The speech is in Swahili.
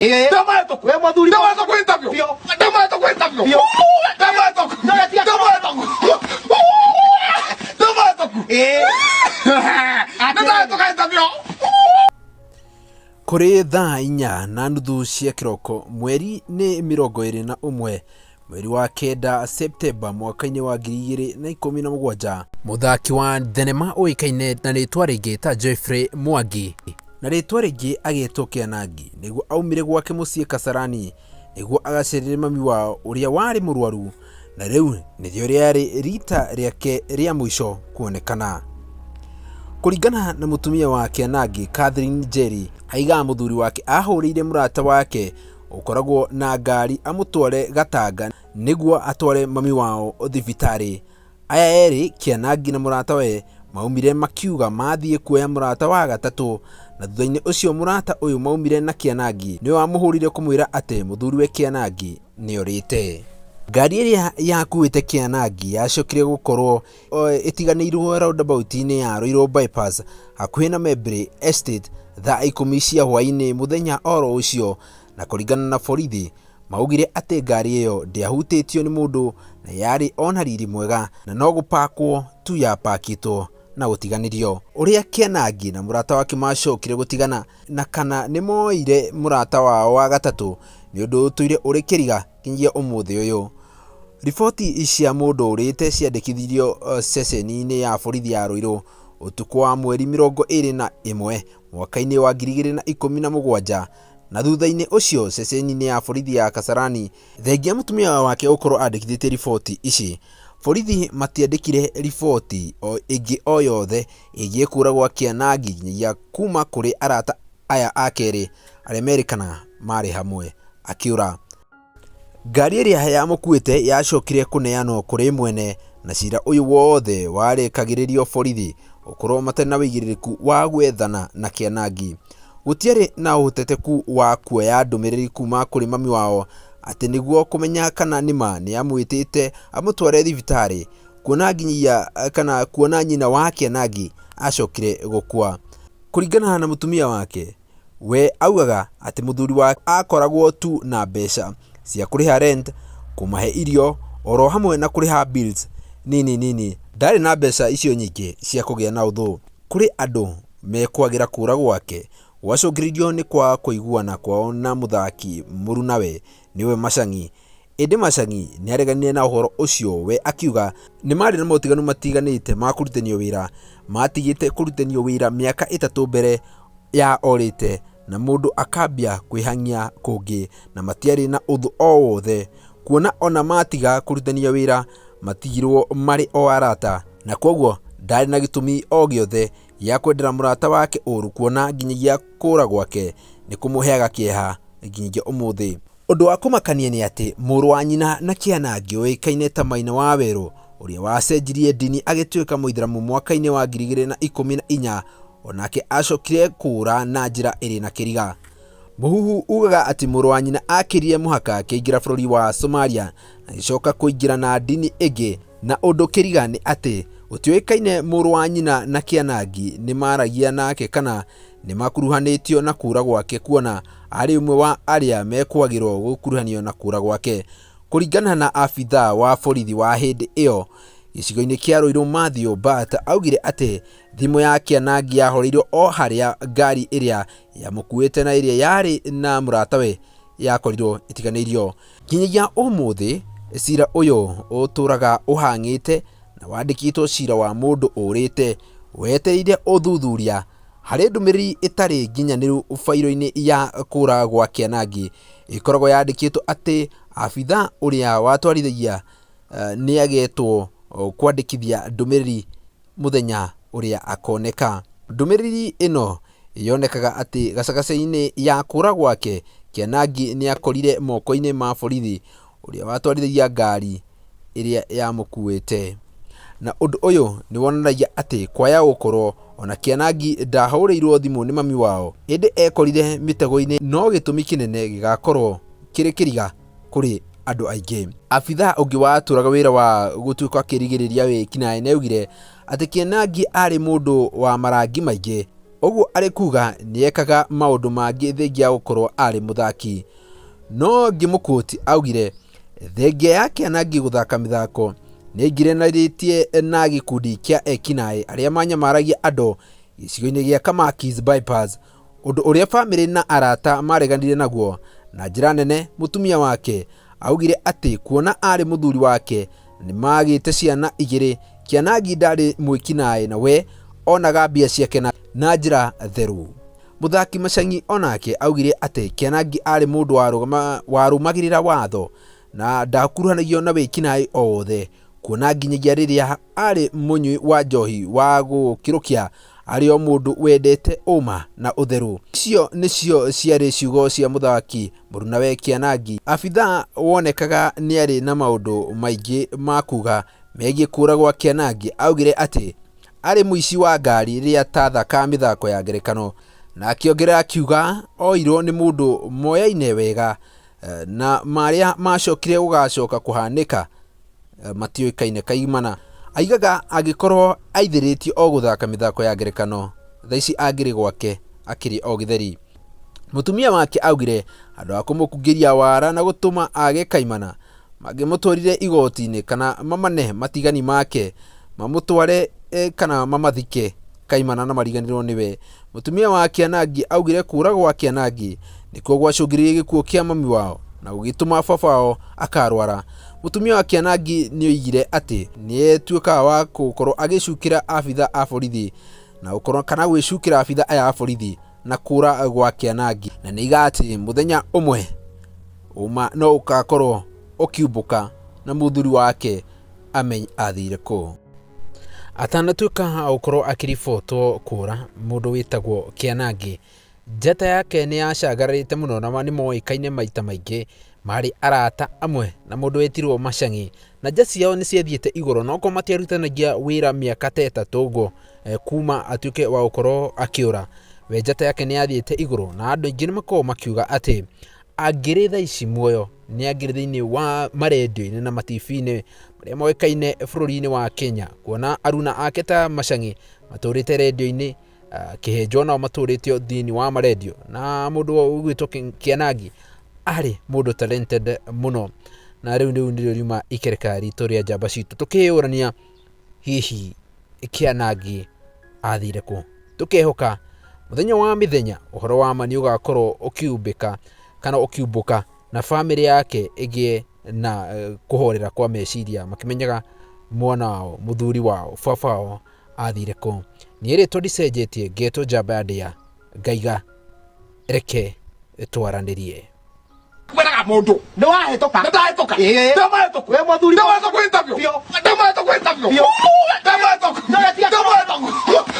Eh, eh. Ndio maana Kuri thaa inya na nuthu cia kiroko mweri ni mirongo iri na umwe mweri wa kenda septemba mwaka wa ngiri igĩrĩ na ikũmi na mũgwanja mũthaki wa thenema kaine na rĩtwa rĩngĩ ta Jeffrey Mwangi na rĩtwa rĩngĩ agĩtwo Kĩanangi nĩguo aumire gwake mũciĩ Kasarani nĩguo agacerere mami wao ũrĩa warĩ mũrwaru na rĩu nĩrĩo rĩarĩ rita rĩake rĩa mũico kuonekana. Kũringana na mũtumia wa Kĩanangi Catherine jerry aigaga mũthuri wake ahũrĩire mũrata wake ũkoragwo na ngari amũtware Gatanga nĩguo atware mami wao thibitarĩ. Aya erĩ Kĩanangi na we maumire makiuga mathiĩ kuoya mũrata wa gatatũ na thutha-inĩ ũcio mũrata ũyũ maumire na kĩanangi nĩwe wamũhũrire kũmwĩra atĩ mũthuriwe kĩanangi nĩorĩte ngari ĩrĩa yakuĩte kĩanangi yacokire gũkorwo ĩtiganĩirwo roundabout-inĩ ya Ruiru bypass hakuhĩ na Mebre Estate thaa ikũmi cia hwaĩ mũthenya oro ũcio na kũringana na borithi maugire atĩ ngari ĩyo ndĩahutĩtio nĩ mũndũ na yarĩ ona riri mwega na no gũpakwo tu yapakĩtwo na gutiganirio uria kianangi na murata wake macokire gutigana na kana moire murata wao wa gatatu ni undu utuire uri kiriga kinyia umuthi uyu riboti cia mundu urite ciandikithirio uh, ceceni-ini ya borithi ya ruiru utuku wa mweri mĩrongo ĩrĩ na ĩmwe mwaka-inĩ wa ngiri igĩrĩ na ikũmi na mũgwanja na thutha-inĩ ũcio ceceni-inĩ ya borithi ya kasarani thengia mũtumia wake gũkorwo andĩkithĩtie riboti ici Borithi matiandĩkire riboti ĩngĩ o yothe ĩgiĩ kũũra gwa kianangi nginyagia kuma kuri arata aya a kerĩ arĩa merĩkana marĩ hamwe. Akĩũra. Ngari ĩrĩa yamũkuĩte yacokire kũneanwo kũrĩ mwene na ciira uyu wothe warĩkagĩrĩrio borithi gũkorwo matarĩ na wigiririku wa gwethana na Kĩanangi. Gũtiarĩ na uteteku wa kuoya ndũmĩrĩri kuuma kũrĩ mami wao atĩ nĩguo kũmenya kana nĩma nĩ amwĩtĩte amũtware thibitarĩ kuona nginyagia kana kuona nyina wake kĩanangi acokire gũkua kũringana na mũtumia wake we augaga atĩ mũthuri wake akoragwo tu na mbeca cia kũrĩha rent kũmahe irio oro hamwe na kũrĩha bills nini nini ndarĩ na mbeca icio nyingĩ cia kũgĩa na ũthũ kũrĩ andũ mekwagĩra kũra gwake gwacũngĩrĩirio nĩ kwa kũiguana kwao na mũthaki mũrunawe niwe Macang'i ĩndĩ Macang'i areganire na ũhoro ucio we akiuga ni mari na motiganu matiganĩte ma kũrutanio wĩra matigĩte kũrutanio wira miaka itatu mbere ya orite na mũndũ akambia kwĩhang'ia kungi na matiari na uthu o wothe kuona ona matiga kũrutithania wira matigirwo mari o arata na koguo ndarĩ na gitumi o gĩothe gĩa kwendera mũrata wake uru kuona nginyagia kura gwake kumuheaga kieha nginyagia ũmũthĩ undu wa kumakania ni ati muru wa nyina na kiana angioikaine ta maina wa weru uria wacenjirie dini agituika muithiramu mwaka-ini wa ngiri igiri na ikumi na inya onake acokire kura na njira iri na kiriga muhuhu ugaga ati muru wa nyina akirire muhaka akiingira bururi wa somalia na gicoka kuingira na dini ingi na undu kiriga ni ati gutiuikaine muru wa nyina na kianangi ni maragia nake kana nä makuruhanä tio na kura gwake kuona arä å mwe wa arä a mekwagärwo gå kuruhanio na kura gwake kå ringana na abithaa wa borithi wa hä ndä ä yo gicigo-inä kä a rå irå mathio bat augire atä thimå ya kĩanangi yahoreirwo o harĩa ngari ĩrĩa yamũkuĩte na ĩrĩa yarĩ na mũratawe yakorirwo ĩtiganĩirio nginyagia ũmũthĩ cira ũyũ ũtũraga ũhang'ĩte na wandĩkĩtwo cira wa mũndũ ũrĩte wetereire ũthuthuria harä ndå mä rä ri ä nginyanä bairo-inä ya kå ra gwa kĩanangi ĩkoragwo yandä kä two atä abitha å rä a watwarithagia uh, eh, nä agetwo kwandä kithia ndå mä rä ri må thenya å rä a akoneka ndå mä rä ri ä no yonekaga atä gacagaca-inä ya kå ra gwake kĩanangi nä akorire moko-inä ma borithi å rä a watwarithagia ngari ä rä a yamå kuä te na ũndũ ũyũ nĩ wonanagia atĩ kwaya gũkorwo ona kĩanangi ndahũrĩirwo thimũ nĩ mami wao ĩndĩ ekorire mĩtego-inĩ no gĩtũmi kĩnene gĩgakorwo kĩrĩ kĩriga kũrĩ andũ aingĩ abithaa ũngĩ watũraga wĩra wa gũtuĩka akĩrigĩrĩria wĩkinaĩ nĩaugire atĩ kĩanangi arĩ mũndũ wa marangi maingĩ ũguo arĩ kuga nĩekaga maũndũ mangĩ thengia gũkorwo arĩ mũthaki no ngĩmũkũti augire thengia ya kĩanangi gũthaka mĩthako nĩngiranĩtie na gĩkundi kĩa ekinaĩ arĩa manyamaragia andũ gĩcigo-inĩ gĩa Kamakis bypass ũndũ ũrĩa bamĩrĩ na arata mareganire naguo na njĩra nene mũtumia wake augire atĩ kuona arĩ mũthuri wake nĩ magĩte ciana igĩrĩ kĩanangi ndarĩ mwĩkinaĩ na we onaga mbia ciake na njĩra theru mũthaki macang'i onake augire atĩ kĩanangi arĩ mũndũ warũmagĩrĩra watho na ndakuruhanagio na wĩkinaĩ o wothe kuona nginyagia riria ari munywi wa njohi wa gukirukia ari o mundu wendete uma na utheru icio nicio ciari ciugo cia muthaki murunawe kianangi abitha wonekaga ni ari na maundu maingi ma kuga megiä kå gwa kĩanangi augire atĩ arĩ mũici wa ngari rĩrĩa tathaka mĩthako ya ngerekano na akĩongerera kiuga oirwo ni mũndũ moyaine wega eh, na marĩa macokire gũgacoka kuhanika Eh, matiũĩkaine kaimana aigaga agĩkorwo aithĩrĩtio o gũthaka mĩthako ya ngerekano tha ici angĩrĩ gwake akĩrĩ o gĩtheri mũtumia wake augire andũ a kũmũkungĩria wara na gũtũma age kaimana mangĩmũtwarire igooti-inĩ kana mamane matigani make mamũtware e, kana mamathike kaimana na mariganĩrwo nĩwe mũtumia wa kĩanangi augire kũra gwa kĩanangi nĩkuo gwacũngĩrĩirie gĩkuũ kĩa mami wao na gũgĩtũma baba wao akarwara Mutumia wa Kianangi oigire ati nietuikaga wa gukorwo agicukira abitha a borithi na gukorwo kana gwicukira abitha aya a borithi na kura gwa Kianangi na niiga ati muthenya umwe uma no ukakorwo ukiumbuka na muthuri wake ameny athire kuu atanatuika agukorwo akiribotwo kura mundu witagwo Kianangi njata yake ni yacangararite muno na ni moikaine maita maingi marĩ arata amwe na mũndũ wetirwo Macang'i na nja ciao nĩ ciathiĩte igũrũ nokorwo matiarutithanagia wĩra mĩaka ta ĩtatũ ũguo e, kuma atuĩke wa gũkorwo akĩũra we njata yake nĩ yathiĩte igũrũ na andũ aingĩ nĩ makoragwo makiuga atĩ angĩrĩ tha ici muoyo nĩ angĩrĩ thĩinĩ wa marendio-inĩ na matibi-inĩ marĩa moĩkaine bũrũri-inĩ wa Kenya kuona aruna ake ta Macang'i matũrĩte rendio-inĩ ah, Kĩhĩnjo nao matũrĩtio thĩinĩ wa marendio na mũndũ ũgwĩtwo Kĩanangi arä må ndå talented må no na rä u rä u nä rä riuma ikereka ritå rä a njamba citå tå kä yå rania hihi kĩanangi athire kũ tũkehoka mũthenya wa mĩthenya ũhoro wa ma nĩ ũgakorwo ũkiumbĩka kana ũkiumbũka na bamĩrĩ yake ĩgĩe na eh, kũhorera kwa meciria makĩmenyaga mwana wao mũthuri wao baba wao athire kũ niĩ rĩtwa ndicenjetie ngetwo njamba ya ngaiga reke rie kwenda mundu ni wahituka ni ndahituka ni mahituku we muthuri ni wahituku interview ni mahituku interview ni mahituku ni mahituku